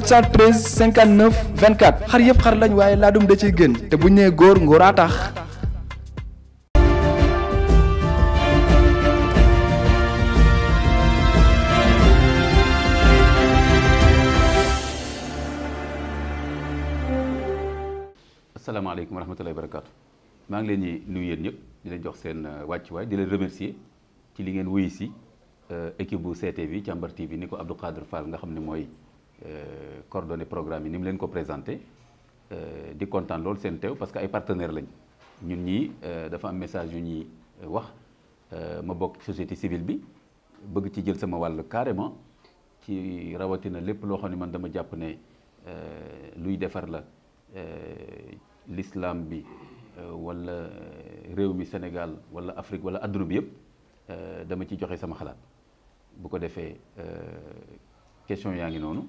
713 59 24 xar yëpp xar lañ waaye laadum da ciy gën te bu ñu nee góor ngóoraa tax. asalaamaaleykum wa rahmatullahi wa barakaatu maa ngi leen di nuyu yéen ñëpp di leen jox seen euh, wàcc waay di leen remercier ci li ngeen wuyu si euh, équipe bu CTV Càmbar TV ni ko Abdou Khadre Fall nga xam ne mooy. Euh, coordonné programme yi ni mu leen ko présenté euh, di kontaan loolu seen teew parce que ay partenaires lañ ñun ñi euh, dafa am message yu ñuy wax ma bokk société civile bi bëgg ci jël sama wàll carrément ci rawatina lépp loo xam ne man dama jàpp ne luy defar la l'islam bi wala réew mi Sénégal wala Afrique wala adduna bi yëpp dama ci joxe sama xalaat bu ko defee question yaa ngi noonu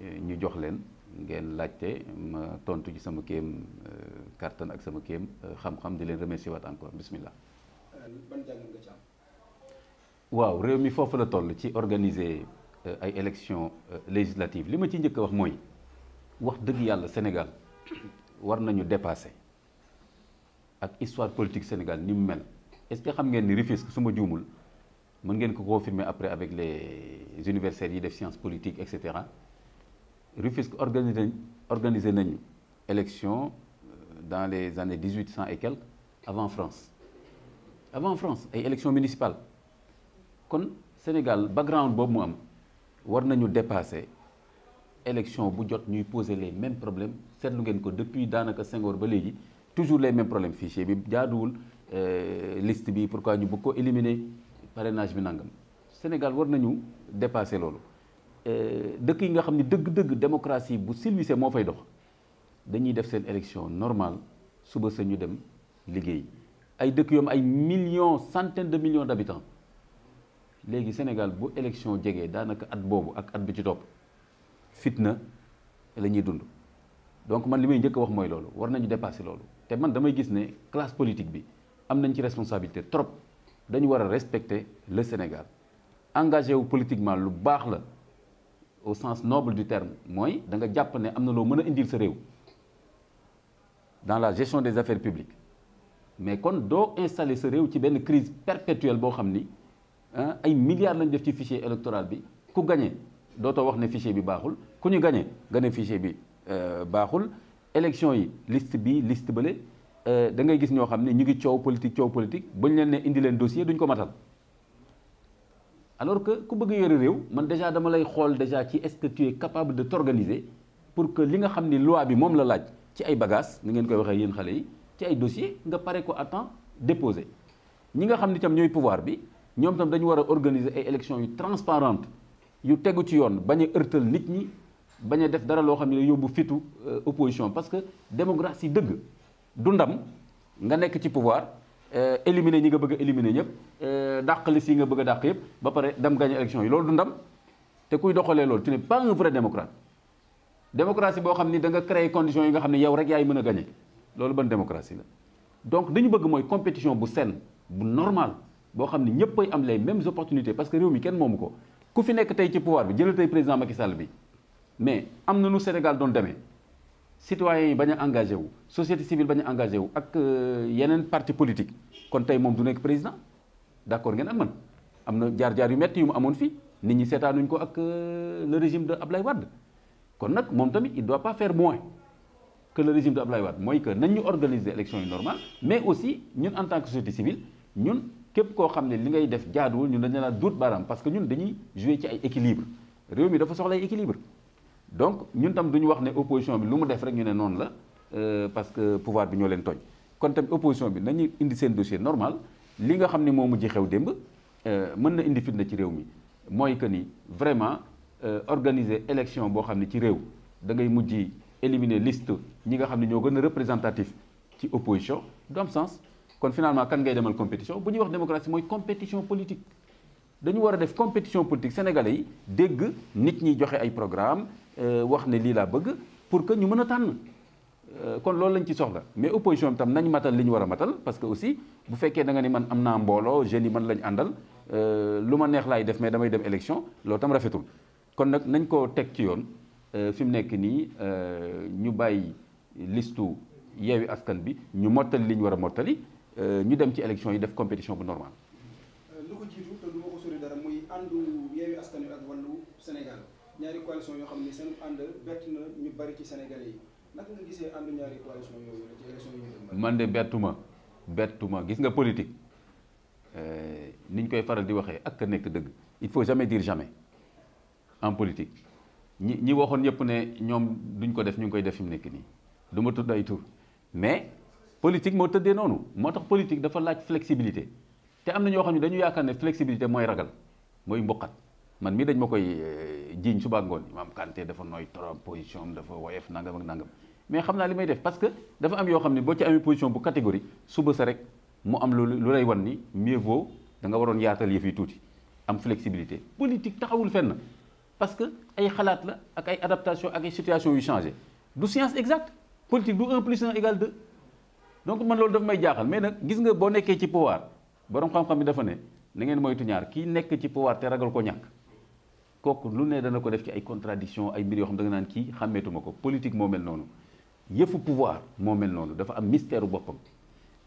ñu jox leen ngeen laajte ma tontu ci sama kéem euh, kàttan ak sama kéem euh, xam-xam di leen remercier waat encore bismillah euh, waaw réew mi foofu la toll ci organiser ay élections législative li ma ci njëkk a wax mooy wax dëgg yàlla Sénégal war nañu dépasser ak histoire politique Sénégal ni mu mel est-ce que xam ngeen ni Rufisque su ma juumul mën ngeen ko confirmer après avec les universitaires yi def sciences politiques et cetera Rufisque organisé organisé nañu élection euh, dans les années dix huit cent et quelques avant France avant France ay élection municipale kon Sénégal background boobu mu am war nañu dépasser élection bu jot ñuy poser les mêmes problèmes seetlu ngeen ko depuis daanaka Senghor ba léegi toujours les mêmes problèmes fichier bi jaaduwul euh, liste bi pourquoi ñu bëgg ko éliminer parrainage bi nangam Sénégal war nañu dépasser loolu. Euh, dëkk yi nga xam ne dëgg-dëgg démocratie bu silvisé moo fay dox dañuy def seen élection normal suba sa ñu dem liggéey ay dëkk yoom ay millions centaines de millions d'habitants léegi Sénégal bu élection jegee daanaka at boobu ak at bi ci topp fitna la ñuy dund donc man li may njëkk wax mooy loolu war nañu dépasser loolu te man damay gis ne classe politique bi am nañ ci responsabilité trop dañu war a respecter le Sénégal engagé wu politiquement lu baax la au sens noble du terme mooy da nga jàpp ne am na loo mën a indil sa réew dans la gestion des affaires publiques mais kon doo installer sa réew ci benn crise perpétuelle boo xam ni ay milliards lañ def ci fichier électoral bi ku gagné dootoo wax ne fichier bi baaxul ku ñu gagné nga ne fichier bi euh, baaxul élection yi liste bi liste bële euh, da gis ñoo xam ne ñu ngi coow politique coow politique bu ñu leen ne indi leen dossier duñ ko matal. alors que ku bëgg yore réew man déjà dama lay xool déjà ci est-ce que tu capable de t'organiser pour que li nga xam ni loi bi moom la laaj ci ay bagages ni ngeen koy waxee yéen xale yi ci ay dossiers nga pare ko à temps déposé ñi nga xam ni tam ñooy pouvoir bi ñoom tam dañu war a organiser ay élections yu transparentes yu tegu ci yoon bañ a ërtal nit ñi bañ a def dara loo xam ne yóbbu fitu euh, opposition parce que démocratie dëgg du ndam nga nekk ci pouvoir euh, éliminer ñi nga bëgg éliminer ñëpp. Euh, dàq liste yi nga bëgg dàq yëpp ba pare dem gagné élection yi loolu du te kuy doxalee loolu tu n'es pas vrai démocrate démocratie boo xam ni da nga créer condition yi nga xam ne yow rek yaay mën a gagné loolu ban démocratie la donc dañu bëgg mooy compétition bu saine bu normal boo xam ne ñëpp ay am les même opportunités parce que réew mi kenn moomu ko ku fi nekk tey ci pouvoir bi jëlal président Macky bi mais am na nu Sénégal doon demee citoyens yi bañ engagé wu société civile bañ a engagé wu ak euh, yeneen parti politique kon tey moom du d' accord ngeen ak man am na jaar-jaar yu metti yu mu amoon fii nit ñi seetaanuñ ko ak euh, le régime de Ablaye Wade kon nag moom tamit il doit pas faire moins que le régime de Ablaye Wade mooy que nañ ñu organiser élection yu normale mais aussi ñun en tant que société civile ñun képp koo xam ne li ngay def jaaduwul ñun dañ la naan duut baaraam parce que ñun dañuy jouer ci ay équilibre réew mi dafa soxla ay équilibre donc ñun tam duñu wax ne opposition bi lu mu def rek ñu ne noonu la euh, parce que pouvoir bi ñoo leen tooñ kon tamit opposition bi nañu indi seen dossier normal li nga xam ni moo mujj xew démb euh, mën na indi na ci réew mi mooy que ni vraiment euh, organiser élection boo xam ne ci réew da ngay mujj éliminer liste ñi nga xam ne ñoo gën a représentatif ci opposition du am sens kon finalement kan ngay demal compétition bu ñuy wax démocratie mooy compétition politique dañu war a def compétition politique sénégalais yi dégg nit ñi joxe ay programme euh, wax ne lii laa bëgg pour que ñu mën a tànn Euh, kon loolu lañ ci soxla mais opposition bi tam nañ matal li ñu war a matal parce que aussi bu fekkee da nga ni man am naa mbooloo jeunes yi man lañ àndal euh, lu ma neex laay def mais damay dem élection loolu tam rafetul kon nag nañ ko teg ci yoon euh, fi mu nekk nii ñu bàyyi listu yeewi askan bi ñu mottali li ñu war a mottali ñu dem ci élection yi def compétition bu normal lu ko jiitu te du ma ko sori dara muy àndu yeewi askan bi ak wàllu Sénégal ñaari coalition yoo naka nga man de bettuma bettuma gis nga politique eh, ni ñu koy faral di waxee ak ka nekk dëgg il faut jamais dire jamais en politique ñi ñi waxoon ñëpp ne ñoom duñ ko def ñu ngi koy def fi mu nekk nii du ma tudd ay tur mais politique moo tëddee noonu moo tax politique dafa laaj flexibilité te am na ñoo xam ne dañu yaakaar ne flexibilité mooy ragal mooy mboqat man mii dañ ma koy eh, jiiñ suba ngoon Imam Kanté dafa nooy trop position am dafa woyof nangam ak nangam mais xam naa li may def parce que dafa am yoo xam ne boo ci amee position bu catégorique suba sa rek mu am lu lu lay wan ni mieux vaut da waroon yaatal yëf yi tuuti am flexibilité politique taxawul fen fenn parce que ay xalaat la ak ay adaptation ak ay situation yu changé du science exacte politique du 1 plus 1 égale 2 donc man loolu dafa may jaaxal mais nag gis nga boo nekkee ci pouvoir borom xam-xam bi dafa ne na ngeen moytu ñaar kii nekk ci pouvoir ragal ko ñàkk kooku lu ne dana ko def ci ay ay mbir yoo xam da naan kii xàmmeetuma ko politique moo mel noonu yëfu pouvoir moo mel noonu dafa am mystère boppam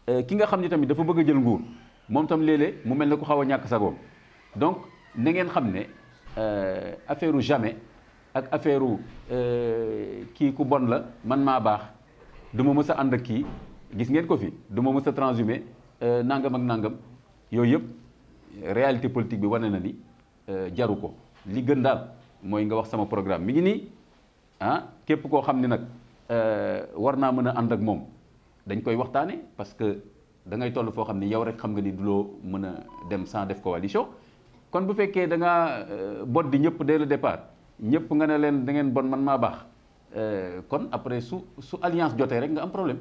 euh, ki nga xam ni tamit dafa bëgg a jël nguur moom tam léeg-léeg mu mel ne ku xaw a ñàkk sa sagoom donc na ngeen xam ne euh, affaire jamais ak affaire euh, kii ku bon la man maa baax du ma a ànd ak kii gis ngeen ko fi du ma mës a transhumé nangam ak nangam yooyu yëpp réalité politique bi wane na ni jaru ko li gën daal mooy nga wax sama programme mi ngi nii ah képp koo xam ni nag. Euh, war naa mën a ànd ak moom dañ koy waxtaanee parce que da ngay toll foo xam ne yow rek xam nga ni du loo mën a dem sans def ko coalition kon bu fekkee da ngaa euh, bot di ñëpp dès le départ ñëpp nga ne leen da ngeen bon man maa baax euh, kon après su su alliance jotee rek nga am problème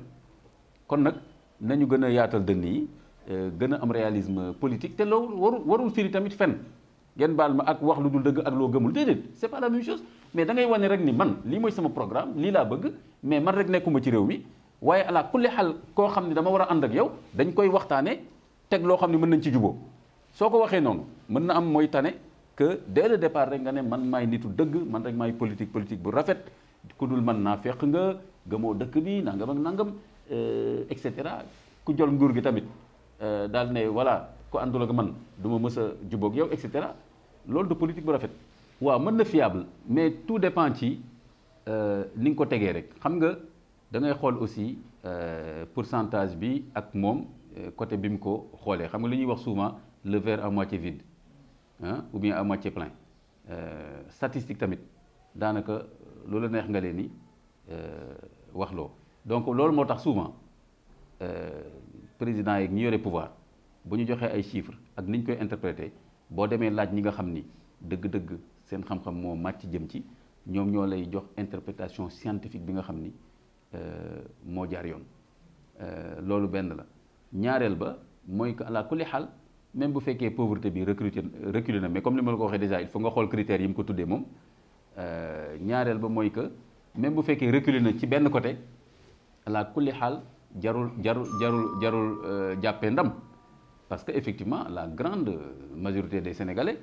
kon nag nañu gën a yaatal dënn yi gën a am réalisme politique te loolu warul warul firi tamit fenn ngeen baal ma ak wax lu dul dëgg ak loo gëmul déedéet c'est pas la même chose mais dangay wane rek ni man lii mooy sama programme lii laa bëgg mais man rek nekkuma ci réew mi waaye ala kulli xal koo xam ne dama war a ànd ak yow dañ koy waxtaanee teg loo xam ne mën nañ ci juboo soo ko waxee noonu mën na am mooy tane que dès le départ rek nga ne man maay nitu dëgg man rek maay politique politique bu rafet ku dul man naa fekk nga gëmoo dëkk bi nangam ak nangam euh, et cetera ku jël nguur gi tamit euh, daal ne voilà ku àndul ak man du ma mës a jubóog yow cetera loolu de politique bu rafet waaw mën na fiable mais tout dépend ci euh, ni nga ko tegee rek xam nga da ngay xool aussi euh, pour centage bi ak moom euh, côté bi mu ko xoolee xam nga li ñuy wax souvent le verre à moitié vide ah ou bien à moitié plein statistique tamit daanaka loolu neex nga leen ni wax loo donc loolu moo tax souvent président yi ñu yore pouvoir bu ñu joxee ay chiffres ak ni ñu koy interpréter. boo demee laaj ñi nga xam ni dëgg-dëgg seen xam-xam moo màcc jëm ci ñoom ñoo lay jox interprétation scientifique bi nga xam ni euh, moo jaar yoon euh, loolu benn la ñaareel ba mooy que ala kulli xaal même bu fekkee pauvreté bi recruter reculer na mais comme li ma la ko waxee déjà il faut nga xool critères yi mu ko tuddee moom euh, ñaareel ba mooy que même bu fekkee reculer na ci benn côté ala kulli xaal jarul jarul jarul jarul jàppee ndam parce que effectivement la grande majorité des sénégalais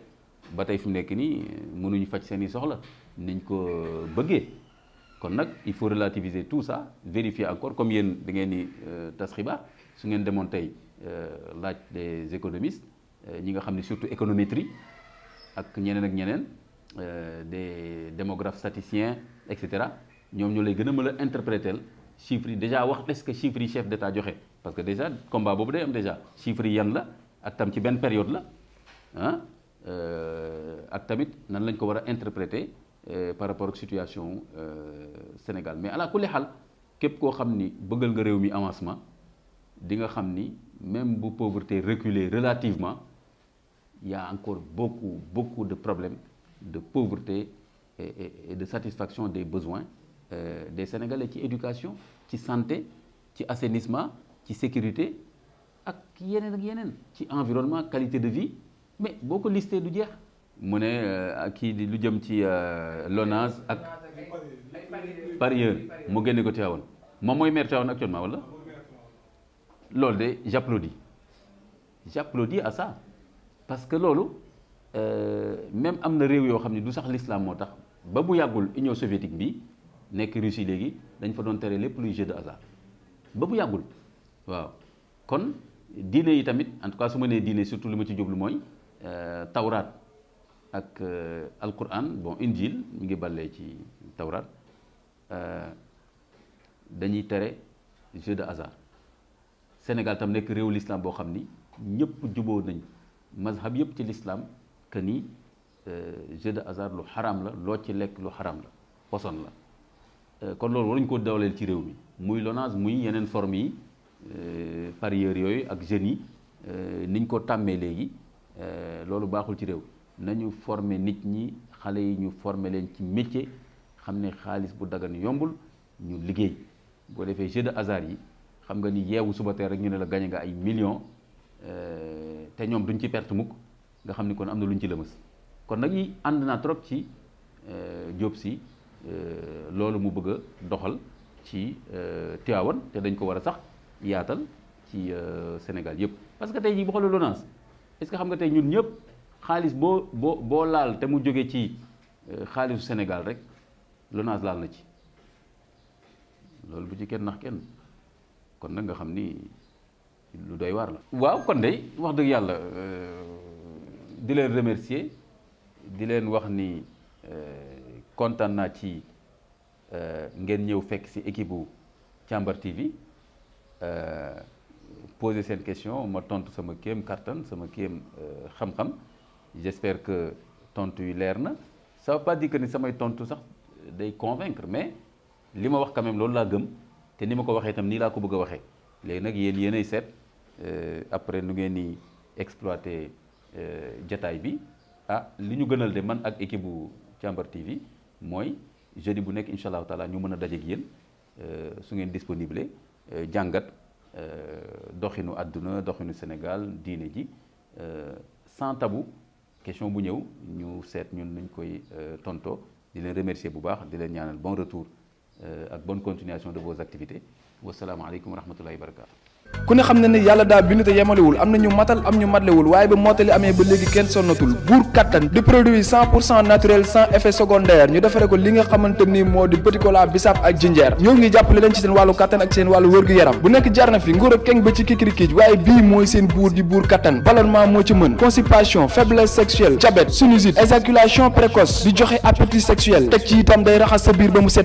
ba tey fi mu nekk nii mënuñu faj seen i soxla niñ ko bëggee kon nag il faut relativiser tout ça vérifier encore comme yéen da ngeen ni euh, tas xibaar su ngeen demoon tey euh, laaj des économistes euh, ñi nga xam ne surtout économétrie ak ñeneen ak ñeneen des démographes statisticiens et cetera ñoom ñoo lay gën a mën a interpréter chiffres yi déjà wax est-ce que chiffres yi chef d'État joxe. parce que déjà combat boobu day am déjà chiffres yan la ak tam ci benn période la ah euh, ak tamit nan lañ ko war a interpréter euh, par rapport ak situation euh, Sénégal mais ala kulli xal képp koo xam ni bëggal nga réew mi avancement di nga xam ni même bu pauvreté réculer relativement y encore beaucoup beaucoup de problèmes de pauvreté et de satisfaction des besoins des Sénégalais ci éducation ci santé ci assainissement ci sécurité ak yeneen ak yeneen ci environnement qualité de vie mais boo ko listee du jeex mu ne euh, kii di lu jëm ci euh, LONASE ak parieur mu génne ko Tivaouane moom mooy maire Tivaouane actuellement wala loolu de j'applaudis j'applaudis à ça parce que loolu euh, même am na réew yoo xam ne du sax l'islam moo tax ba bu yàggul Union soviétique bi nekk Russie léegi dañ fa doon tere lépp luy jeu de hasard ba mu yàggul waaw kon diine yi tamit en tout cas su ma nee diine surtout li ma ci jublu mooy euh, tawraat ak euh, alquran bon injil mu ngi ballee ci tawraat euh, dañuy tere jeu de hasard Sénégal tam nekk réew l'islam boo xam ni ñëpp juboo nañ mazhab yëpp ci lislaam que ni jeu de hasard lu xaram la loo ci lekk lu xaraam la poson la kon loolu waruñu ko dawleel ci réew mi muy LONASE muy yeneen forme yi Euh, parieurs yooyu ak jeunes yi euh, niñ ko tàmmee léegi euh, loolu baaxul ci réew nañu former nit ñi xale yi ñu former leen ci métier xam ne xaalis bu dagan yombul ñu liggéey boo defee jeu de hasard yi xam nga ni yeewu suba teel rek ñu ne la gañe nga ay millions te ñoom duñ ci perte mukk nga xam ni kon am na luñ ci lëmës kon nag yi ànd naa trop ci Diop Sy loolu mu bëgg a doxal ci Tivaouane te dañ ko war a sax yaatal ci euh, Sénégal yëpp parce que tey jii boo xoolee LONASE est que xam nga tey ñun ñëpp xaalis boo boo boo laal te mu jóge ci euh, xaalisu Sénégal rek LONASE laal na ci loolu bu ci kenn nax kenn kon nag nga xam ni lu doy waar la. waaw kon dey wax dëgg yàlla euh, di leen remercier di leen wax ni kontaan naa ci ngeen ñëw fekk ci équipe bu Càmbar TV. Euh, poser seen question ma tontu sama kéem kattan sama kéem euh, xam-xam j'espère que tontu yi leer na sa veut pas dire que ni samay tontu sax day convaincre mais li ma wax quand même loolu laa gëm te ni ma ko waxee itam nii laa ko bëgg a waxee léegi nag yéen yéenay seet euh, après nu ngeen ni exploiter jataay bi ah li ñu gënal de man ak équipe bu Càmbar TV mooy jeudi bu nekk incha allahu taala ñu mën a dajeeg yéen su ngeen disponible. Euh, jàngat euh, doxinu àdduna doxinu Sénégal diine ji euh, sans tabou question bu ñëw ñu seet ñun nuñ koy tontoo di leen remercier bu baax di leen ñaanal bon retour Euh, ak bonne continuation de vos activités wasalaamaaleykum wa rahmatullahi wa barakaatu. ku ne xam na ni yàlla daa bind te yemalewul am na ñu matal am ñu matlewul waaye ba mottali amee ba léegi kenn sonnatul buur kattan di produit cent pour cent naturel sans effet secondaire ñu defare ko li nga xamante ni moo di petit bisaab ak jinjeer ñoo ngi jàppale leen ci seen wàllu kattan ak seen wàllu wërgu yaram bu nekk jarna fi nguur ak keng ba ci kikirikiij waaye bii moo ci mën constipation faiblesse sexuelle diabète sinusite éjaculation précoce di joxe appétit itam day raxas sa biir ba mu set